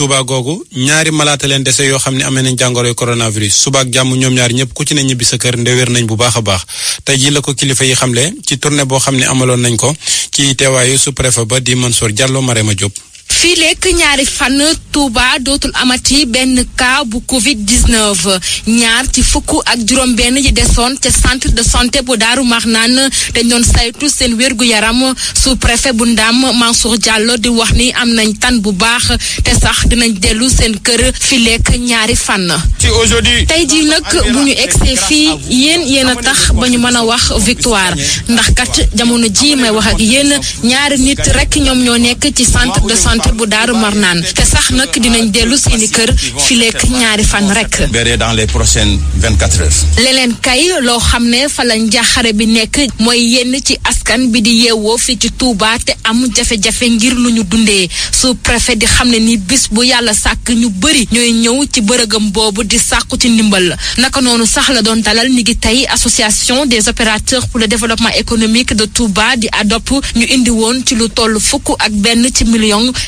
Touba googu ñaari malaata leen dese yoo xam ne amee nañ jàngoroy coronavirus suba ak jàmm ñoom ñaar ñëpp ku ci ne ñibbi sa kër ndewér nañ bu baax a baax tey jii la ko kilifa yi xamle ci tournée boo xam ne amaloon nañ ko ci teewaayu sous ba di Mansour Diallo ma Diop fii lekk ñaari fan Touba dootul amati benn cas bu Covid 19 ñaar ci fukk ak juróom-benn yi desoon ca centre de santé bu Daaru Marnaan dañ doon saytu seen wérgu yaram sous préfet bu Ndam Mansour Diallo di wax ni am nañ tan bu baax te sax dinañ dellu seen kër fii lekk ñaari fan. tey jii nag bu ñu egsee fii yéen yéen a tax bañu ñu mën a wax victoire ndax kat jamono ji may wax ak yéen ñaari nit rek ñoom ñoo nekk ci centre de santé. bu Daaru Marnaan te sax nag dinañ dellu seeni kër fileek ñaari fan rek. dans les prochaines vingt quatre heures. leneen kay loo xam ne fa la njaaxare bi nekk mooy yenn ci askan bi di yeewoo fii ci Touba te am jafe-jafe ngir lu ñu dundee su préfet di xam ne ni bis bu yàlla sàkk ñu bëri ñooy ñëw ci bërëgëm boobu di sàkku ci ndimbal naka noonu sax la doon dalal ni ngi tey association des opérateurs pour la développement économique de Touba di ADOP ñu indi woon ci lu toll fukk ak benn ci million